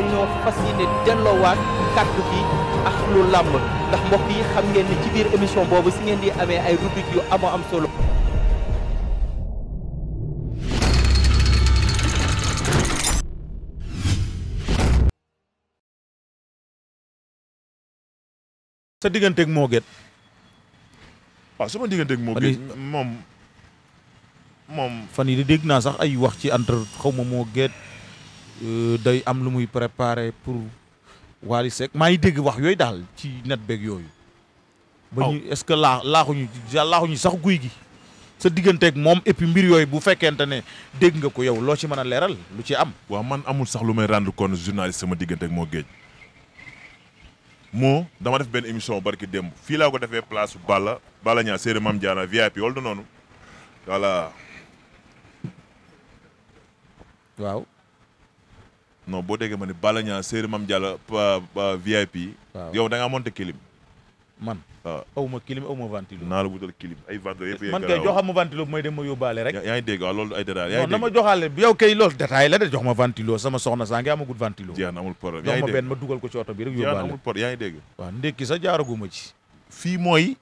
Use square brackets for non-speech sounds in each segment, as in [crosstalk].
dañoo fas yéene delloowaat kàddu bi ak lu làmb ndax sa digganteeg moo gét. waaw sama digganteeg moo gét moom moom. fan yi di dégg naa sax ay wax ci entre xawma ma moo gét. Euh, day am lu muy préparé pour Wally Seck maa ngi dégg wax yooyu daal ci net beeg yooyu. ba ñu est-ce que laa laaxuñu laaxuñu sax guy gi. sa digganteek moom et mbir yooyu bu fekkente ne dégg nga ko yow loo ci mën a leeral lu ci am. waa man amul sax lu may rendre compte journaliste sama digganteeg moo géej. moo dama def benn émission barki démb fii laa ko defee place Balla Balla ñaa séeréer Mame Diarra VIP wala du noonu voilà. waaw. non boo déggee ma ne Balla Niang Seydou Mame Diallo VIP. waaw yow da ngaa monte kilim. man waaw aw ma kilim aw ma ventilo. naa la wutal kilim ay ventilo yëpp yëpp. man kay joxam ma ventilo mooy dem ma yóbbaale rek. yaa ngi dégg waaw loolu ay détails. yaa ngi ma joxaale yow kay loolu détail la de jox ma ventilo sama soxna saa ngi amagut ventilo. jeex na amul problème yaa ngi dégg jox ma benn ma dugal ko ci oto bi rek. yóbbaale jeex na amul problème yaa ngi sa jaaraguma mooy.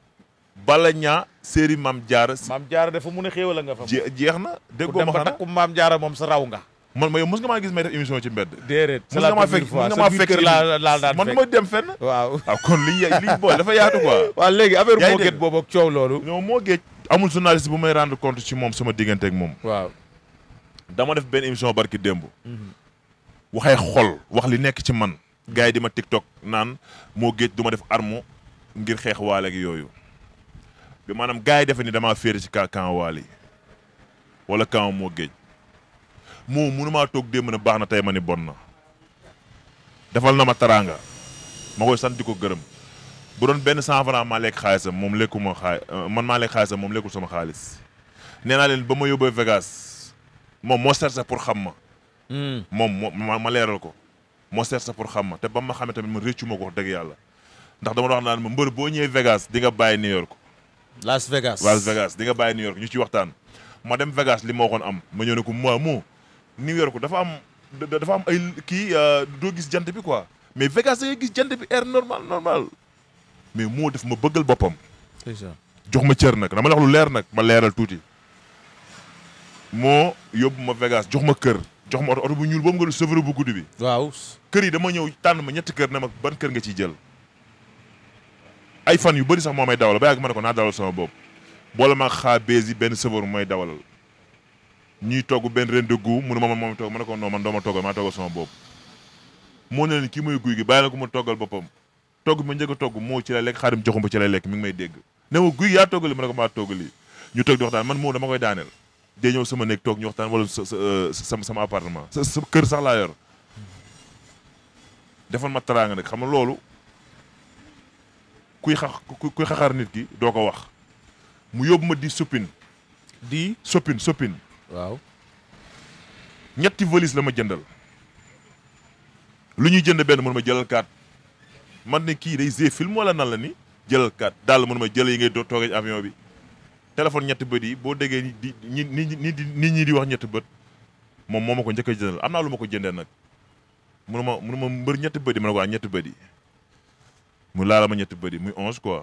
Balla Niang Serigne Mame Diarra. Mame Diarra dafa mun a xéewal nga fa. jeex na déggoo ma xanaa ku dem ba takku moom sa raw nga man ma yow mos nga maa gis may def émission ci mbedd. déedéet c'est la première fois mos nga maa fekk laal daan man ma dem fen waaw waaw [laughs] ah, kon li li bool dafa yaatu quoi. waaw léegi affaire moo géej boobu ak coow loolu. non moo géej amul journaliste bu may rendre compte ci moom sama diggante moom. waaw dama def benn émission barki démb. Mhm. waxay xol wax li nekk ci man. gars yi di ma TikTok naan moo géej du ma def armo ngir xeex waale gi yooyu bi maanaam gars yi defe ni damaa féeri ci kaa kan waale moo géej. moo mënumaa toog démb ne baax na tey ma ni bon na defal na ma taraanga ma koy sant di ko gërëm bu doon benn cent franc maa lekk xaalisam moom lekkuma xaay euh, man maa lekk xaalisam moom lekkul sama xaalis nee naa leen ba ma yóbbee Vegas moom moo cherché pour xam ma. Hmm. moom moo ma leeral ko moo cherché pour xam ma te ba ma xamee tamit ma réccu ma ko wax yàlla ndax dama wax naan ma mbër boo ñëwee Vegas di nga bàyyi New York. Las Vegas Las Vegas di nga bàyyi New York ñu ci waxtaan ma dem Vegas li ma waxoon am ma ñëw ko moi moo New York dafa am dafa am ay kii euh, doo gis jant bi quoi mais Vegas da ngay gis jant bi air normal normal mais moo def ma bëggal boppam. jox ma cër nag dama la leer nag ma leeral tuuti. moo yóbbu ma Vegas jox ma kër jox ma oto bu ñuul boobu nga du chauffeur bu guddi bi. waaw kër yi dama ñëw tànn ma ñetti kër ne ma ban kër nga ciy jël. ay fan yu bëri sax moo may dawal ba yàgg ma ne ko naa dawal sama bopp boole ma xaa bees yi benn chauffeur mooy dawalal. ñuy togg benn ren de gu mu ne ma moom togg ma ne ko non man doo ma toggal sama boobu moo ne leen kii muy guy gi bàyyi na ko mu toggal boppam togg ma njëkk a togg moo ci lay lekk xaarim joxum ba ci lay lekk mi ngi may dégg ne ma guy yaa toggali ma ne ñu toog di waxtaan man moo dama koy daaneel day ñëw sama néeg toog ñu waxtaan wala sa sama sama appartement sa sa kër sax laa ma taraanga nag xam nga loolu kuy xa kuy xaxar nit ki doo ko wax mu yóbbu ma di soppin di soppin soppin waaw ñetti valise la ma jëndal lu ñuy jënd benn mën ma jëlal kaat man ne kii day gé film wala nan la ni jëlal kaat daal mën ma jël yi ngay toogee avion bi téléphone ñetti bët yi boo déggee di ñi ni nit ñi di wax ñetti bët moom moo ma ko njëkk a jëndal am naa lu ma ko jëndee nag mënu ma mënu ma mbër ñetti bët yi ma a ko ñetti bët yi mu laala ma ñetti bët yi muy onze quoi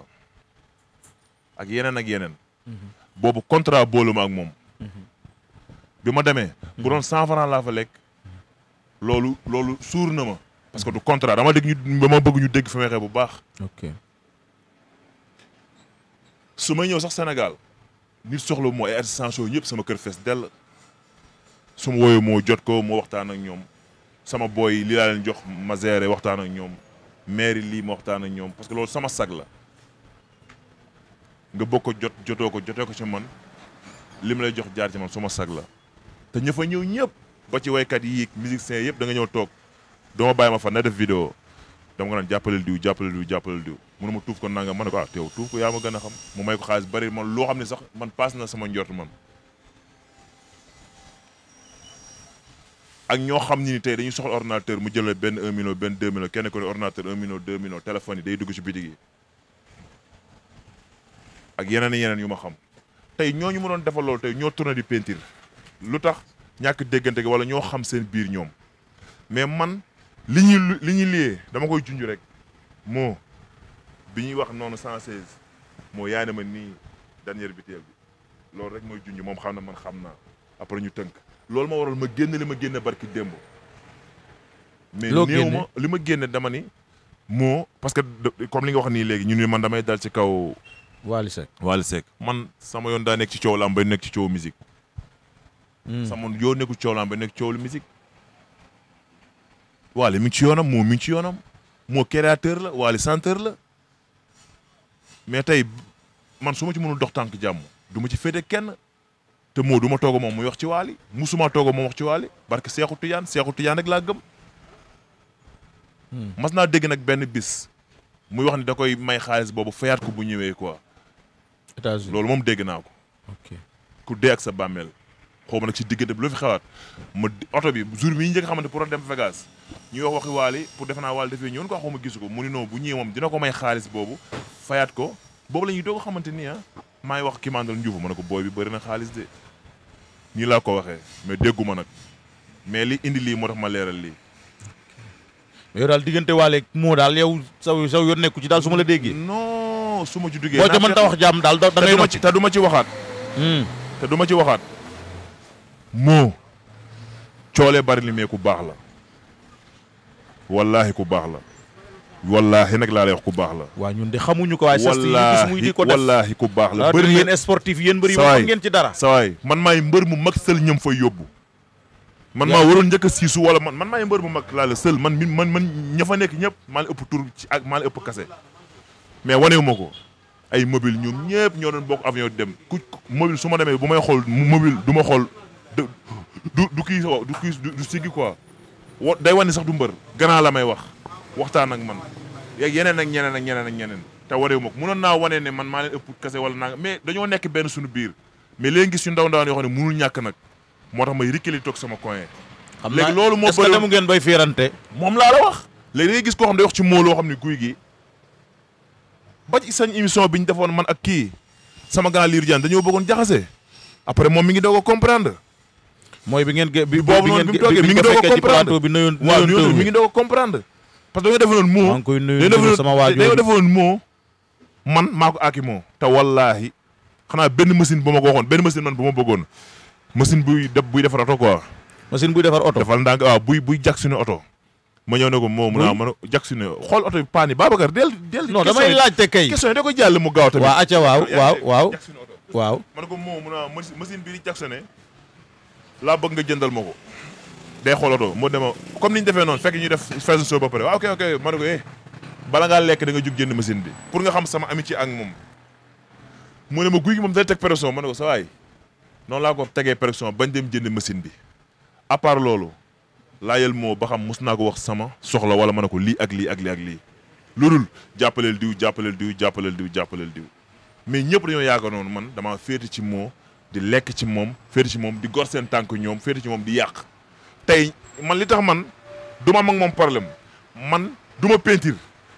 ak yeneen ak yeneen mhm. boobu contrat booluma ak moom mhm. bi ma demee bu doon cent franc laa fa lekk loolu loolu suur na ma parce que du contrat dama dégg ñu dama bëgg ñu dégg fi may xee bu baax ok su may ñëw sax Sénégal nit soxla moo ay artisans show ñëpp sama kër fees dell su ma wooyee moo jot ko moo waxtaan ak ñoom sama booy li laa leen jox ma géré waxtaan ak ñoom maire lii ma waxtaan ak ñoom parce que loolu sama sag la nga bokk ko jot jotoo ko jotee ko ci man li ma lay jox jaar ci man sama sag la te ña fa ñëw ñëpp ba ci waykat yi musiciens yëpp da nga ñëw toog dama baay ma fan na def vidéo dama nga naan jàppaleel diw jàppaleel diw jàppaleel diw mu ma tuuf ko nanga ma ne ko ah teew tuuf ko yaa ma gën a xam mu may ko xaalis bari man loo xam ne sax man paas na sama njort man ak ñoo xam ne ni tey dañuy soxla ordinateur mu jël benn un million benn deux million kenn ko ne ordinateur un million deux million téléphone yi day dugg ci ak yeneen yeneen yu ma xam tey ñooñu mënoon defal loolu tey ñoo lu tax ñàkk déggante gi wala ñoo xam seen biir ñoom mais man li ñuy li ñuy liyee dama koy junj rek moo bi ñuy wax noonu 116 moo yaay na ma nii dernière butéel bi loolu rek mooy junj moom xam na man xam naa après ñu tënk loolu ma waral ma génn li ma génn barki démb. mais néew ma li ma génne dama ni moo parce que comme li nga wax nii léegi ñu ne man damay dal ci kaw. Wally Seck Wally Seck man sama yoon daa nekk ci coow lamb bay nekk ci coow musique Mm. sax man yoo nekku coow lamb ba nekk coow lu musique waale mi ci yoonam moo mi ci yoonam moo créateur la waale centre la mais tey man su ma ci mënul dox tànk jàmm duma ci féete kenn te moo duma ma toog moom muy wax ci waali musuma toog moom wax ci waali barke Seexu Tijaan Seexu Tijaan rek laa gëm hmm. mas naa dégg nag benn bis muy wax ni da koy may xaalis boobu fayaat ko bu ñëwee ko États-Unis loolu moom dégg naa ko. ku dee ak sa bàmmeel. xaw ma nag ci diggante bi lu fi xewaat ma oto bi jour bi ñu njëkk xamante pour dem Vegas ñuy wax waxi waali pour defe naa waali dafee ñëwoon ko xaw ma gisu ko mu ni non bu ñëwee moom dina ko may xaalis boobu fayaat ko boobu la ñuy doog xamante ni ah maa ngi wax ki mandal njuufa ma ne ko booy bi bëri na xaalis de nii laa ko waxee mais dégguma nag mais li indi lii moo tax ma leeral lii yow daal diggante waale moo daal yow saw saw yoon nekku ci daal su ma la déggee noo su ma ci duggee boo ca mën ta wax jàmm daal da ngay te du ma waxaat te ci waxaat hmm. moo coolee bari mee ku baax la wallaahi ku baax la wallaahi nag laa lay ku baax la. waa ñun de xamuñu ko waaye. gis muy di ko def ku baax la. bëri na yéen sportif yéen ngeen ci dara. sawaay man maay mbër mu mag sël ñam fay yóbbu. man maa waroon njëkk a siisu wala man man maay mbër mu mag laa la sël man man man ña fa nekk ñëpp maa la ëpp tur ci ak maa la ëpp kase. mais wanewu ma ko ay mobile ñoom ñëpp ñoo doon bokk avion dem ku mobile su ma demee bu may xool mobile du ma xool. du du kii du kii du siggi quoi wa day wane sax du mbër gannaaw la may wax waxtaan ak man yeeg yeneen ak ñeneen ak ñeneen ak ñeneen te wareewu ma ko mënoon naa wane ne man maa leen ëpp kase wala naa mais dañoo nekk benn suñu biir mais léegi gis ñu ndaw ndawaan a xam ne mënul ñàkk nag moo tax may rikkali toog sama coin léegi loolu moo bëri demu ngeen bay fiirante moom laa la wax léegi dangay gis koo xam day wax ci moo loo xam ne guy gi ba ci sañ émission bi ñu defoon man ak kii sama grand liir Diane dañoo bëggoon jaxase après moom mi ngi doog a mooy bi ngeen bi boobu noonu bi mu toogee mi ngi doog a comprendre bi nuyoon waaw mi ngi doog a comprendre parce que dañoo defoon moo maa ngi koy nuyu sama waajur dañoo defoon moo man maa ko aaki moo te wallaahi xanaa benn machine bu ma ko waxoon benn machine man bu ma bëggoon machine buy def buy defar oto quoi machine buy defar oto defal ndànk waaw buy buy jag suñu oto ma ñëw ne ko moo mun a mën a jag suñu xool oto bi paani Babacar del del non damay laajte kay question yi da ko jàll mu gaaw tamit waaw acca waaw waaw waaw jag suñu oto waaw ma ne ko moo mun a machine bi di jag suñu laa bëgg nga jëndal ma ko day xoolatoo moo dema comme ni ñu defee noonu fekk ñu def feesu soo ba pare waaw ok ok ma ko eh bala ngaa lekk da nga jóg jënd machine bi pour nga xam sama ci ak moom moo ne ma guy gi moom day teg pression ma ne ko sa laa ko tegee pression bañ dem jënd machine bi à part laajal moo ba xam mos naa ko wax sama soxla wala ma ko lii ak lii ak lii ak lii lu dul jàppaleel diw jàppaleel diw jàppaleel diw jàppaleel diw mais ñëpp dañoo yaakaar noonu man dama féete ci moo di lekk ci moom féete ci moom di gor seen tànk ñoom féete ci moom di yàq tey man li tax man du ma am moom problème man du ma peintir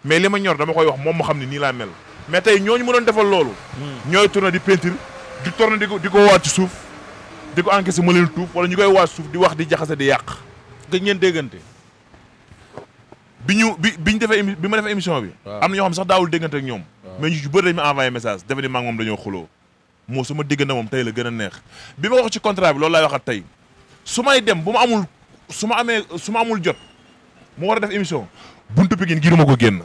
mais li ma ñor dama koy wax moom ma xam ne nii laa mel mais tey ñu mu doon defal loolu hmm. ñooy tourné di peintir di tourné di ko di ko waat ci suuf di ko encaissé ma leen tuuf wala ñu koy waat suuf di wax di jaxase di yàq gëj ngeen déggante bi ñu bi bi ñu defee bi ma defee émission bi am na ñoo xam sax daawul déggante ñoom ma envoyé message dafa moo su ma digg moom tay la gën a neex bi ma wax ci contrat bi loolu laay waxat tey su may dem bu ma amul suma amee su amul jot mu war a def émission buntu Pikine ngir ma ko génn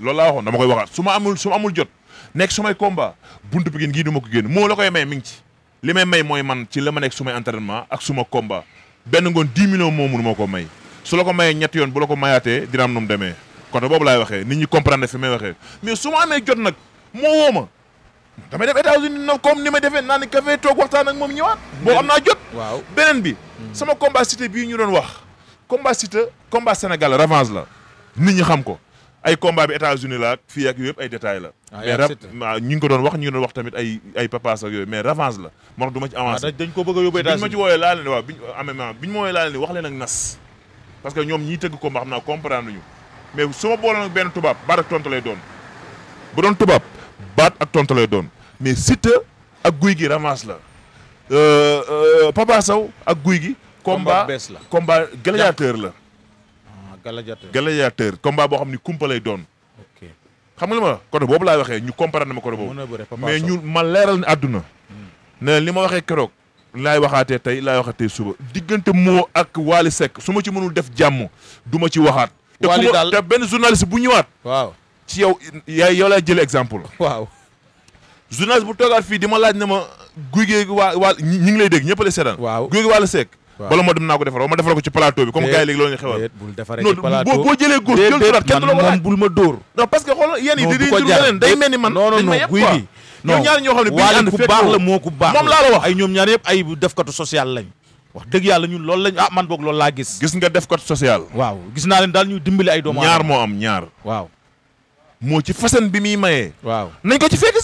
loolu laa waxoon dama koy waxaat su ma amul su ma amul jot nekk su may combat buntu Pikine ngir ma ko génn moo la koy may mi ngi ci li may may mooy man ci la ma nekk su may entraînement ak su ma combat benn ngoon 10 millions moo mun moo ko may su la ko mayee ñetti yoon bu la ko mayaatee dina nu mu demee côté boobu laay waxee nit ñi comprendre fi may waxee mais su ma amee jot nag moo woo ma damay def États-Unis na comme ni may defee naan ni café toog waxtaan ak moom ñëwaat. boo am naa jot. waaw beneen bi. Hmm. sama combat cité bii ñu doon wax. combat cité combat Sénégal revanche la. ni ñi xam ko ay combat bi États-Unis la ak fii ak yooyu yëpp ay détails la. Ah, mais ñu ngi ko doon wax ñu ngi doon wax tamit ay ay papas ak yooyu mais revanche la. moo tax du ma ci ah, avancé dañ ko bëgg a biñ ma ci wooyee laal leen waaw biñ en même temps wax leen ak nas. parce que ñoom ñiy tëgg combat xam naa comprendre ñu mais su ma booloon ak benn tubaab barak tontu lay doon bu doon tubaab baat ak tontu lay doon mais Siteu ak guy gi ramasse la euh, euh, Papa saw ak guy gi. combat bees la combat gladiateur la. Ah, gladiateur gladiateur combat boo xam ni kumpa lay doon. xam nga ma la côté boobu laay waxee ñu comprendre ma côté boobu. mais ñu ma leeral ne àdduna. Hmm. ne li ma waxee keroog. laay waxaatee tey laay waxaatee suba diggante moo ak Waly sekk su ma ci mënul def jàmm duma ci waxaat. te benn journaliste bu ñëwaat. waaw. ci yow yaay yow lay jël exemple. waaw journaliste bu toogaat fii di ma laaj ne ma guy gi waa waa ñi ngi lay dégg ñëpp lay seetaan. waaw guy gi waa la seek. bala moo dem naa ko defar ma defal ko ci plateau bi comme gars yi léegi loolu ñu xewal bul defaree ci plateau boo jëlee góor jël droite kenn du la ko laaj bul ma dóor non parce que xool yéen yi di leneen day mel ni man non non non guy gi ñoom ñaar ñoo xam ne waali ku baax la moo ku baax moom laa la wax ay ñoom ñaar yëpp ay defkatu social lañ wax dëgg yàlla ñun loolu lañ ah man boog loolu laa gis gis nga defkatu social waaw gis naa leen daal ñuy dimbali ay doomu ñaar moo am ñaar waaw moo ci fasan bi muy mayee. waaw nañ ko ci fekk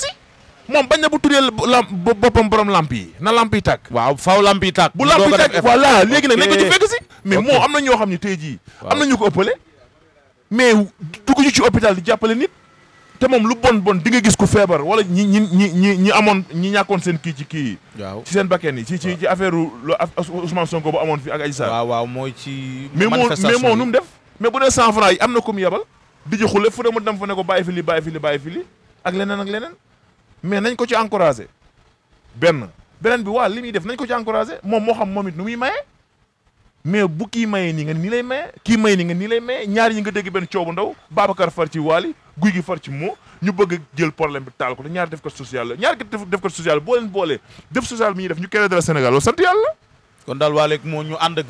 moom bañ na bu tuddee lam boppam borom lamp yi na lamp yi tàkk. waaw faaw lamp yi tàkk. bu lamp yi tàkk voilà léegi nag nañ ko ci eh, fekk si. mais moo am na ñoo xam ne tey jii. am na ñu ko ëppale. mais dugg ñu ci hopital di jàppale nit. te moom lu bon bon di nga gis ku feebar wala ñi ñi ñi ñi ñi amoon ñi ñàkkoon seen kii ci kii yi. ci seen bakkeen yi ci ci ci affaire lu bu amoon fi ak Adji Sarr. waaw waaw mooy ci. manifestation mais moo mais moo def. mais bu dee 100 yi am na ku yebal di ji xule fu ne mu fa ne ko bàyyi fi li bàyyi fi li ak leneen ak leneen mais nañ ko ci encouragé benn beneen bi waa li muy def nañ ko ci encouragé moom moo xam moom it nu muy maye mais bu kii maye nii nga nii lay maye kii maye nii nga ñaar ñi nga dégg benn coobu ndaw Babacar far ci waali guy gi far ci moo ñu bëgg jël problème bi taal ko te ñaar def ko social la ñaar def ko social boo leen boolee def social bi ñuy def ñu keneen dara Sénégal loolu sant gën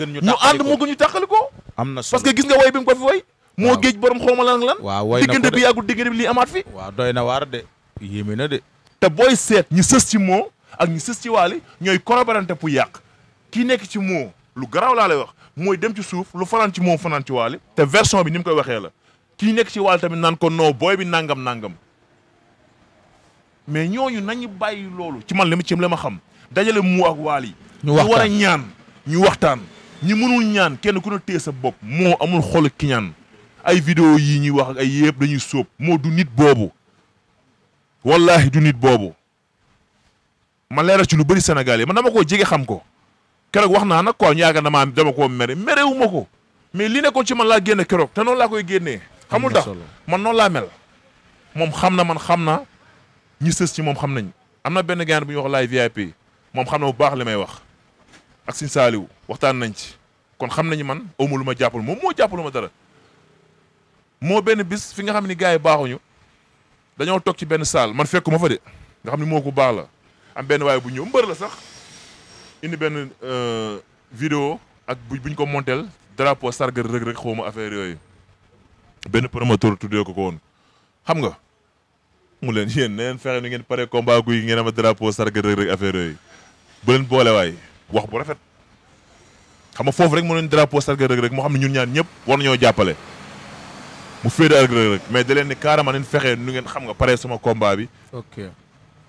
ñu. tàqali ko moo gën ñu tàqali ko. am na solo gis nga way bi ko fi moo géej borom ma lan lan. waaw woy na diggante bi yàggul diggante bi lii amaat fi. waaw doy na waar de yéeme na de. te booy seet ñi sës ci moo ak ñu sës ci waali ñooy corroborante pour yàq kii nekk ci moo lu garaaw laa lay wax mooy dem ci suuf lu fanaan ci moom fanaan ci waali te version bi ni mu koy waxee la kii nekk ci waali tamit naan ko noo booy bi nangam nangam mais ñooñu nañ bàyyi loolu ci man la mi ci la ma xam dajale moo ak waali ñu war a ñaan ñu waxtaan ñi mënul ñaan kenn ku ne sa bopp moo amul xolu kiñaan ay vidéo yii ñuy wax ay yëpp dañuy sóob moo du nit boobu wallahi du nit boobu ma leeral ci nu bari Sénégal yi man dama koo jege xam ko keroog wax naa nag quoi ñu yaakaar damaa dama koo mere merewu ma ko mais li nekkoon ci man laa génne keroog te noonu laa koy génnee. xamul tax man noonu laa mel. moom xam na man xam na ñi sës ci moom xam nañ am na benn gànnaar bu ñuy wax laay VIP moom xam na bu baax li may wax ak Sine Saliou waxtaan nañ ci kon xam nañu man amu lu ma jàppal moom moo jàppalu dara. moo benn bis fi nga xam ni gars yi baaxuñu dañoo toog ci benn salle man fekkuma fa de nga xam ni moo ko baax la am benn waaye bu ñëw mbër la sax indi benn euh, vidéo ak buñ ko montel drapeau sargal rëg rëg xawma affaire yooyu benn promoteur tuddee ko ko woon xam nga mu leen [laughs] yéen na leen fexe nu ngeen pare combat guy ngeen ama drapeau sargal rëg rëg affaire yooyu bu leen boole waay wax bu rafet xam nga foofu rek mu leen drapeau sargal rëg rëg moo xam ne ñun ñaan ñëpp war ñoo jàppale mu féete ak Reug rek mais da leen ni carrément nañ fexe nu ngeen xam nga pare sama combat bi. ok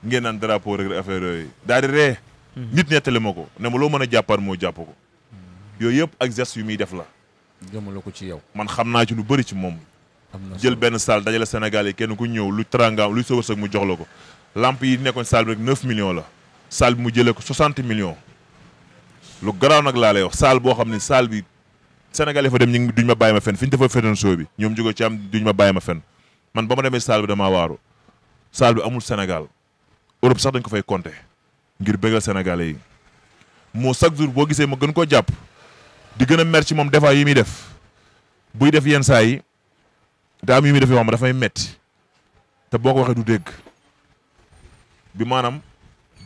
ngeen naan drapeau Reug affaire yooyu daal di ree. Hmm. nit nettali ma ko ne ma loo mën a jàppaat moo jàpp ko. Hmm. yooyu yëpp ak geste yu muy def la. jëmale ko ci yow. man xam naa ci lu bëri ci moom. jël benn salle dajale Sénégal yi kenn ku ñëw lu lu luy soog mu jox la ko. lamp yi nekkoon salle bi rek 9 la. salle bi mu jëlee ko 60 millions. lu garaaw nag laa lay wax salle boo xam ne salle bi Sénégal yi fa dem ñu duñ ma bàyyi ma fenn fi ñu dafa fenoon show bi ñoom jóge ci am duñ ma bàyyi ma fenn man ba ma demee salle bi damaa waaru salle bi amul Sénégal Europe sax dañ ko fay compter ngir bëggal Sénégalais yi moo chaque jour boo gisee ma gën koo jàpp di gën a mer moom des yi muy def buy def yenn saa yi daam yi muy def yoo xam dafay metti te boo ko waxee du dégg bi maanaam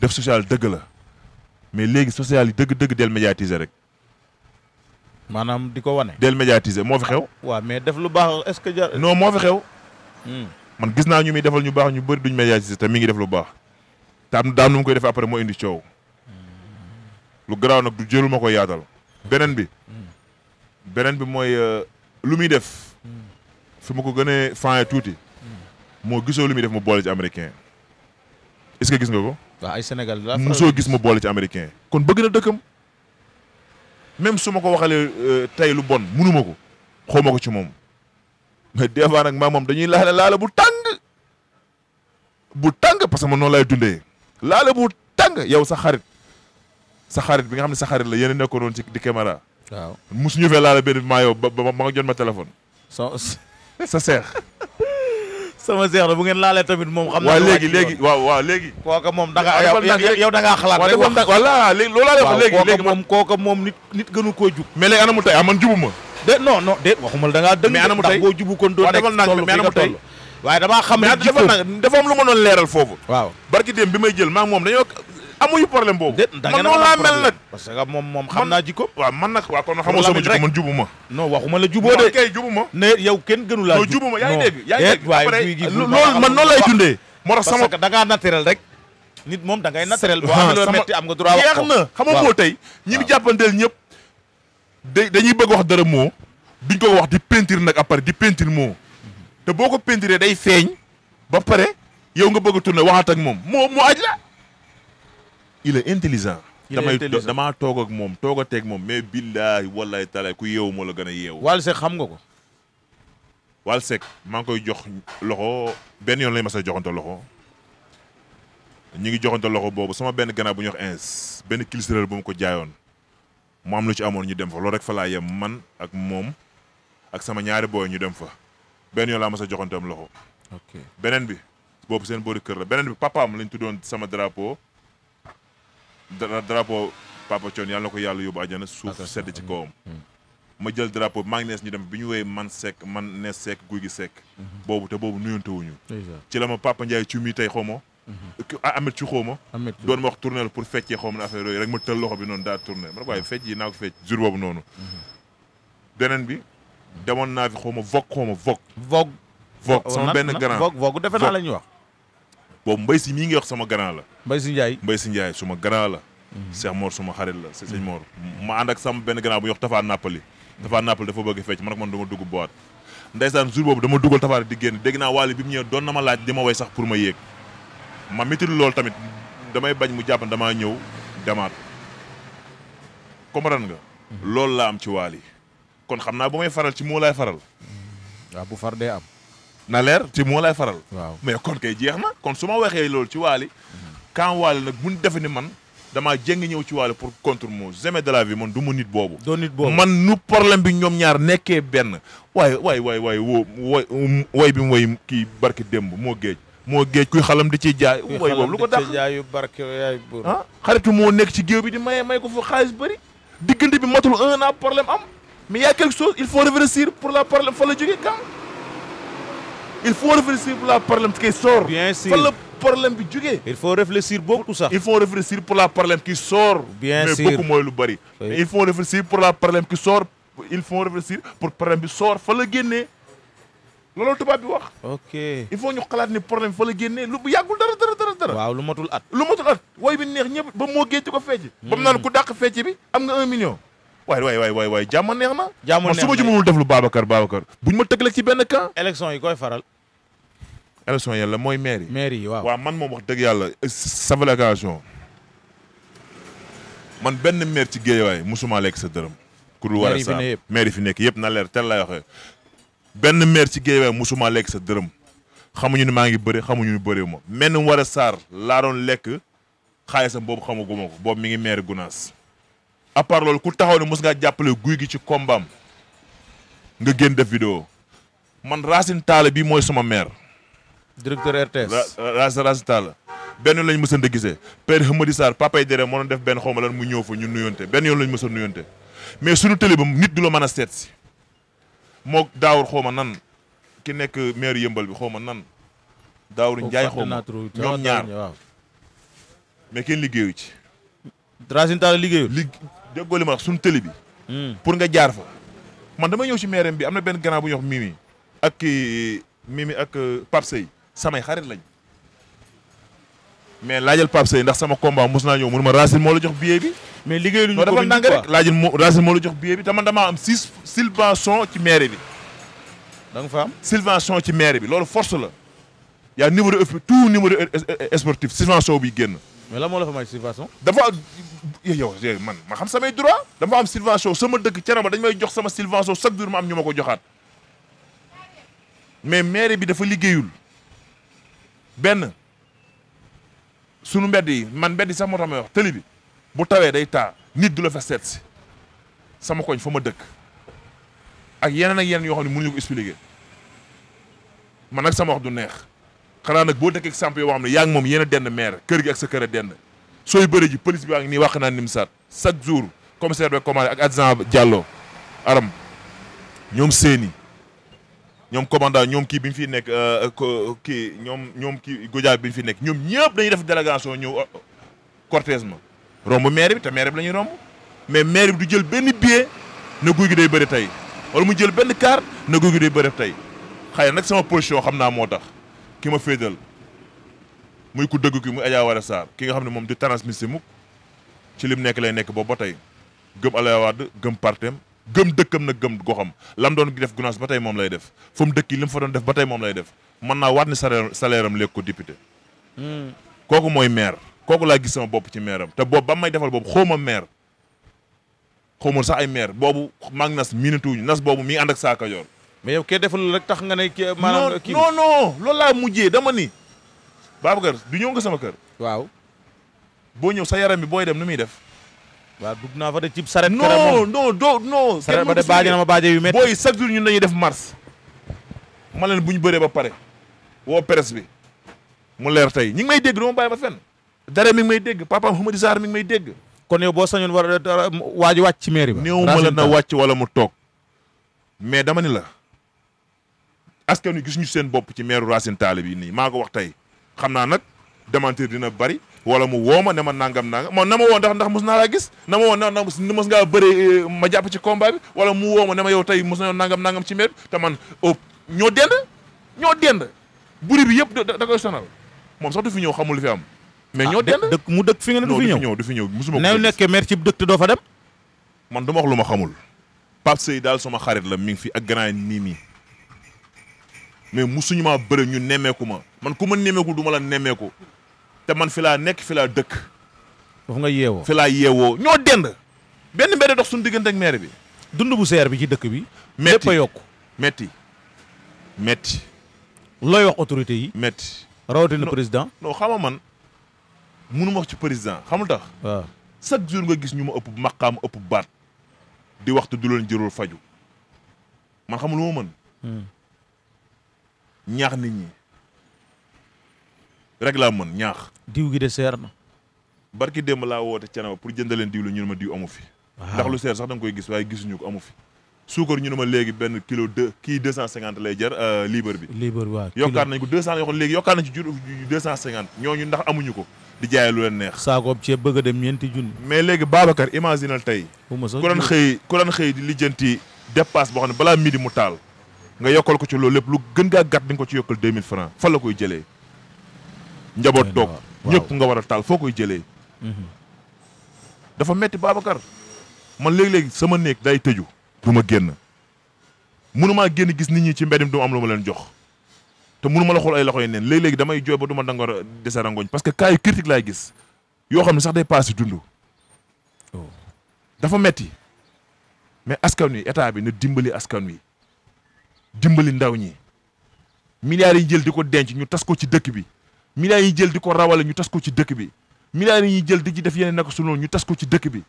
def social dëgg la mais léegi social yi dëgg-dëgg del médiatiser rek maanaam di ko wane. del médiatiser moo fi xew. waa mais def lu baax est-ce que jar. non moo fi xew. Hmm. man gis naa ñu muy defal ñu baax ñu bëri duñ médiatiser te mi ngi def lu baax. te am daam nu mu koy defee après moo indi coow. lu garaaw nag du jëlu ko yaatal. beneen bi. Hmm. beneen bi mooy euh, lu muy def. Hmm. fi ma ko gënee fànn tuuti. moo gisoo lu muy def mu boole ci américain. est-ce que gis nga ko. waaw ay Sénégal la musoo gis mu boole ci américain. kon bëgg na dëkkam. même su ma ko waxalee euh, tey lu bon munu ko xaw ma ko ci moom mais des fois nag maa moom dañuy laala laala bu tàng bu tàng parce que man noonu lay dundee laala bu tàng yow sa xarit sa xarit bi nga xam ne sa xarit la yeneen a nekkoon ci di caméra. waaw mosuñu fee laala benn maa yow ba ba ma jot ma téléphone. sa sa seex. [laughs] sama seex na bu ngeen laalee tamit moom. xam naa waaw léegi léegi waaw waaw léegi. kooka moom da nga yow da ngaa xalaat rek wax voilà léegi loolaa lay wax léegi léegi moom kooka moom nit nit gënu koo jub. mais léegi anamu tey ah man jubuma. da ngaa dëng. mais anamu tey ndax boo jubu kon doo nekk toll fi nga toll waaye damaa xam ne dafa ma doon leeral foofu. waaw barki démb bi jël maa moom dañoo amuñu problème boobu. déet da ngeen a laa mel nag. parce que moom moom xam naa jikko. waaw man nag waaw kon xamoo sama jikko man jubu ma. non waxuma la juboo de. kay jubu ma. ne yow kenn gënu laa jub. jubu ma yaa ngi dégg yaa ngi dégg sama parce naturel rek. nit moom da ngay naturel. boo amee loo metti am nga droit wax ko na xamoo moo tey. ñi ñu jàppanteel ñëpp. dañuy bëgg wax dara moo. duñ ko wax di peinture nag après di peinture moo. te boo ko peinturee day feeñ. ba pare yow nga bëgg a tourné moom moo moo aj la il est intelligent. damay damaa toog ak moom toog a teeg moom mais billaahi wallahi taala ku yeewu moo la gën a yeewu. Wally Seck xam nga ko. Wally Seck maa ngi koy jox loxo benn yoon la mas a joxante loxo ñu ngi joxante boobu sama benn ganaar bu ñuy wax benn kilisiral bu ko jaayoon mu lu ci amoon ñu dem fa rek fa yem man ak moom ak sama ñaari booy ñu dem fa benn yoon laa mas a joxante am loxo. beneen bi boobu seen boori kër la beneen bi papaam lañ tuddoon sama drapeau. drapeau Papa Thione yàlla na ko yàlla yóbbu àjjana suuf sedd ci kawam hmm. ma jël drapeau bi maa nees ñu dem bi ñu wooyee man sekk man nees sekk guy gi sekk hmm. boobu te boobu nuyantewuñu ci la ma Papa Ndiaye ci mi tey xawma hmm. amet ah, ci xaw xawma doon ma wax tournel pour feccee xaw ne affaire yooyu rek ma tël loxo bi noonu daa tourné ma ne waaye fecc yi naa ko fecc jour boobu noonu beneen bi demoon naa fi xawma vogue xawma vogue vogue vogue sama benn grand vogue vogue defe naa la ñuy wax boobu mbay si mii ngi wax sama grand la mbay si Ndiaye mbay si Ndiaye suma grand la mhm. Cheikh Mor suma xarit la sëñ mhm. Mor ma ànd ak sama benn grand bu ñuy wax Tafa Napoli Tafa Napoli dafa bëgg fecc man ak man dama dugg boîte ndeysaan jour boobu dama dugal Tafa di génn dégg naa Wally bi mu ñëwee doon na ma laaj di ma way sax pour ma yéeg ma méttilu loolu tamit damay bañ mu jàpp damaa ñëw demaat comprendre nga mhm. loolu laa am ci Wally kon xam naa bu may faral ci moo faral waaw bu far dee am na leer ci moo lay faral. mais kon kay jeex na kon su ma waxee loolu ci waali. quand waali nag bu ñu defe ni man damaa jéng ñëw ci waali pour contre mo jamais de la vie man du ma nit boobu. doo nit boobu man nu problème bi ñoom ñaar nekkee benn. waay waay waay waay woo way um, bi mu way kii barki démb moo géej. moo géej kuy xalam di ci jaay. way boobu lu ko dàq yaay buur ah xaritu moo nekk ci géew bi di mayee may ko fa xaalis bëri. diggante bi matul un an problème am mais y a il faut réfléchir pour la problème fa il faut réfléchir pour la problème qui sort. bien sûr fan la problème bi jugee. il faut réfléchir beaucoup sax. il faut réfléchir pour la problème qui sort. bien sûr mais mooy lu bari. mais il faut réfléchir pour la problème qui sort il faut réfléchir pour problème bi sort fa la génnee loolu tubaab bi wax. ok il faut ñu xalaat ni problème fa la lu bu yàggul dara dara dara waaw lu matul at. lu matul at woy bi neex ñëpp ba moo géej ko fecc. Hmm. ba mu naan ku dàq fecc bi am nga un waay waay waay waay waaye jàmm neex na. jàmm neex na man su ma ci mënul def lu Babacar Babacar buñ ma tëgale ci benn camp. élection yi koy faral. élection yàlla mooy maire yi. yi waaw waaw man moom wax dëgg yàlla savalagation man benn maire ci waaye musuma lekk sa dërëm. ku dul war a saa maire fi nekk yëpp na leer tel lay waxee. benn maire ci Guédiawaye musuma lekk sa dërëm xamuñu ne maa ngi bëri xamuñu ne bëri ma. menn war a saar laa doon lekk xaalisam boobu xamaguma ko boobu mi ngi maire Gunaas. à part loolu ku taxaw ne mos ngaa jàppale guy gi ci kombaam nga génn def vidéo man Racine Talla bii mooy sama maire. directeur RTS ra Racine Talla benn lañ mës a gisee père Hamadi Sarr papay Dere moo doon def benn xaw ma lan mu ñëw fa ñu nuyonte benn yoon lañ mës a nuyonte mais suñu télé ba nit du la mën a seet si moo daawur xaw ma nan ki nekk maire yëmbal bi xaw ma nan. daawur Ndiaye xaw ñoom ñaar mais kenn liggéeyu ci. Racine Talla liggéeyu. déggoo li ma wax suñu tëli bi. Hmm. pour nga jaar fa. man dama ñëw ci meeram bi am na benn grand bu ñuy mii Mimi. ak euh, Mimi ak euh, Pape samay xarit lañ. mais laajal Pape Seye ndax sama combat mos naa ñëw mënu ma Racine moo la jox billet bi. mais liggéey lu ñu ko dafa rek laajal moo Racine moo la jox billet bi te man damaa am six ci maire bi. da nga fa ci maire bi loolu force la. yaa numéro tout numéro sportif subvention bi génn. mais la moo la fa may subvention. dafa Eh, yow yow eh, man ma xam samay droit dama am subvention sama dëkk cere ma dañ may jox sama subvention chaque jour ma am ñu ma ko joxaat mais maire bi dafa liggéeyul benn sunu mbedd yi man mbedd yi sax moo tax may wax tëli bi bu tawee day taa nit du la fa seet si sama koñ fa ma dëkk ak yeneen ak yeneen yoo xam ne mënuñu ko expliquer man nag sama wax du neex xanaa nag boo dëkkee ak samp yoo xam ne yaa ngi moom yéen a dend maire kër gi ak sa kër a denn sooy bëri ji police bi waa ngi nii wax naan nim saat chaque jour commissaire bi commandé ak adjudant Diallo aram ñoom seeni ñoom commandant ñoom kii bi ñu fi nekk euh, kii ñoom ñoom kii Goudia bi ñu fi nekk ñoom ñëpp dañuy def délégation ñëw euh, cortège ma romb maire bi te maire bi la ñuy romb mais maire bi du jël benn billet na guy gi day bëri tey wala mu jël benn car na guy gi day bëri tey xëy nag sama position xam naa moo tax ki ma féetal muy ku dëgg ki muy Adja Wara Sarr ki nga xam ne moom di transmissé mukk ci lim nekk lay nekk boobu ba tey gëm Abdoulaye Wade gëm partem gëm dëkkam nag gëm goxam lam doon def gunaas ba tey moom lay def fu mu dëkk yi li mu fa def ba tey moom lay def mën naa waat ni salaire salaire am léegi ko député hmm. kooku mooy maire kooku laa gis sama bopp ci maire am te boobu ba may defal boobu xawma maire xawma sax ay maire boobu maag nas minituuñu nas boobu mi ngi ànd ak saaka yoor mais yow kee rek tax nga ne maanaam kii non kër du ñëw nga sama kër. waaw. boo ñëw sa yaram bi booy dem nu muy def. waa dugg naa fa de cib saret. non non doo non. saret ba de baaje na ma baaje yu métti. booy chaque jour ñun dañuy def mars. ma leen bu ñu bëree ba pare. woo presse bi. mu leer tey ñi ngi may dégg dama bàyyi ba fen dara mi may dégg papaam Hamadi Sarr mi ngi may dégg. kon yow boo sañoon war a waaj wàcc ci mairie ba. néew ma na wàcc wala mu toog. mais dama ni la. askan wi gis seen bopp ci maire Racine Talla nii maa ko wax tey. xam naa nag démentir dina bari wala mu woo ma ne ma nangam nangam man na ma woo ndax ndax mos naa laa gis na ma woo na mos ngaa bëri eh, ma jàpp ci combat bi wala mu woo ma ne ma yow tey mos nañoo nangam nangam ci mbir te man oh, ñoo dend ñoo dend buri bi yëpp da koy sonal moom sox du fi ñëw xamul li fi am. mais ah, ñoo dend dëkk mu dëkk fi nga ne du fi ñëw du fi ñëw musuma ko nekkee maire ci dëkk te doo fa dem. man du ma wax lu ma xamul. Pape Seye daal sama xarit la mi ngi fi ak grand nii nii mais musuñu maa bëre ñu nemmeeku ma man ku ma nemmeeku duma ma la nemmeeku te man filaa nekk fi laa dëkk. foofu nga yeewoo fi laa yeewoo ñoo dend. benn mbedd dox suñu diggante ak bi. dund bu seer bi ci dëkk bi. métti lépp métti métti. looy wax autorité yi. métti rawatina président. non xama man munu ma wax ci président xamul tax. waaw chaque jour nga gis ñu ma ëpp maqaam ëpp baat di waxtu du leen jërul faju man xamul lu ma ñaax ni ñi rek laa mën ñaax. diw gi de seer na. barki démb laa woote Thiénaba pour jëndaleen diw la ñu ne ma diw amu fi. ndax lu seer sax da nga koy gis waaye gisuñu ko amu fi. suukar ñu ne ma léegi benn kilo deux kii deux cent cinquante lay jar euh, liibar bi. liibar waaw yokkaat nañ ko deux cent yoo xam léegi yokkaat nañ ci jur deux cent ñooñu ndax amuñu ko. di jaayee lu leen neex. saakoob ceeb bëgg a dem ñeenti junni. mais léegi Babacar imaginal tey. ku doon xëy ku doon xëy di lijjanti dépasse boo xam ne balaa midi mu taal. nga yokkal ko ci loolu lépp lu gën gaa gàtt di ko ci yokkal 2000 francs fan la koy jëlee njaboot toog ñëpp nga war a taal foo koy jëlee mhm. dafa metti Babacar man léegi-léegi sama néeg day tëju du ma génn mënumaa génn gis nit ñi ci mbedim du am lu ma leen jox te mënuma la xool ay loxo yi neen léegi-léegi damay jooy ba du ma dangoor dese rangoñ parce que cas yu critique laay gis yoo xam ne sax day paase dund oh. dafa metti mais askan wi état bi na dimbali askan wi dimbali ndaw ñi milliards yi jël di ko denc ñu tas ko ci dëkk bi milliards yi jël di ko rawale ñu tas ko ci dëkk bi milliards yi jël di ci def yeneen naka su noonu ñu tas ko ci dëkk bi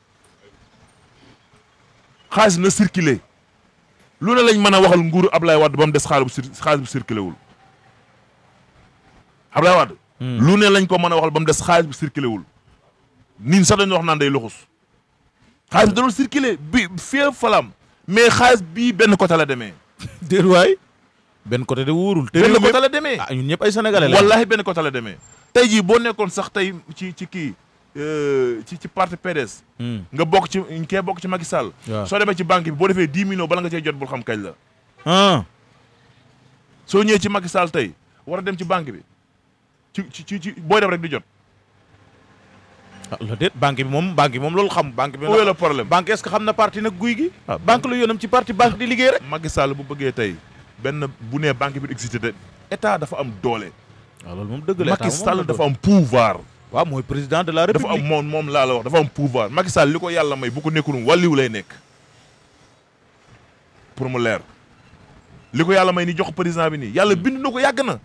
xaalis na circulé lu ne lañ mën a waxal nguuru Ablaye Wade ba mu des xaalis bu cir xaalis bu circulé wul Ablaye Wade. Hmm. lu ne lañ ko mën a waxal ba mu des xaalis bu circulé wul. nit sax dañu wax naan day luxus xaalis bi da doon bi fii falaam mais xaalis bii benn côté la demee. déet waay benn côté de wóorul. te benn côté la demee ah ñun ñëpp ay sénégalais la. wallaahi benn côté la deme tey jii boo nekkoon sax tey ci ci kii euh, ci ci parti PDS. Hmm. nga bokk ci kee bokk ci Macky Sall. soo demee ci banque bi boo defee dix millions bala nga cee jot bul xam kañ la. Ah. soo ñëwee ci Macky Sall tey war a dem ci banque bi ci ci ci booy def rek di jot. la déet banque bi moom banque bi moom loolu xam banque bi la problème banque est-ce que xam na parti nag guy gi ah, banque la yoonam ci parti banque di liggéey rek Macky Sall bu bëggee tey benn bu nee banque bi existé de état dafa am doole waaw ah, loolu moom dëgg la Macky Sall dafa am pouvoir waaw mooy président de la république dafa am moom moom laa la wax dafa am pouvoir Macky Sall li ko yàlla may bu ko nekkul wàlliwu lay nekk pour mu leer li ko yàlla may ni jox président bi nii yàlla hmm. bind na ko yàgg na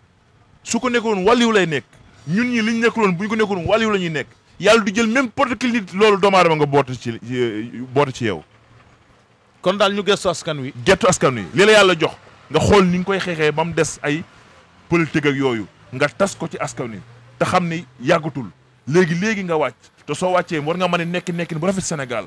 su ko nekkoon wàlliwu lay nekk ñun ñi liñ nekkuloon bu ñu ko nekkoon wàlliwu la ñuy nekk yàlla du jël même protocole nit loolu doomu aadama nga boote ci boote ci yow. kon daal ñu gëstu askan wi. gettu askan wi li la yàlla jox nga xool ni nga koy xeexee ba mu des ay politique ak yooyu nga tas ko ci askan wi te xam ni yàggatul léegi léegi nga wàcc te soo wàccee war nga mën a nekk nekkin bu rafet Sénégal.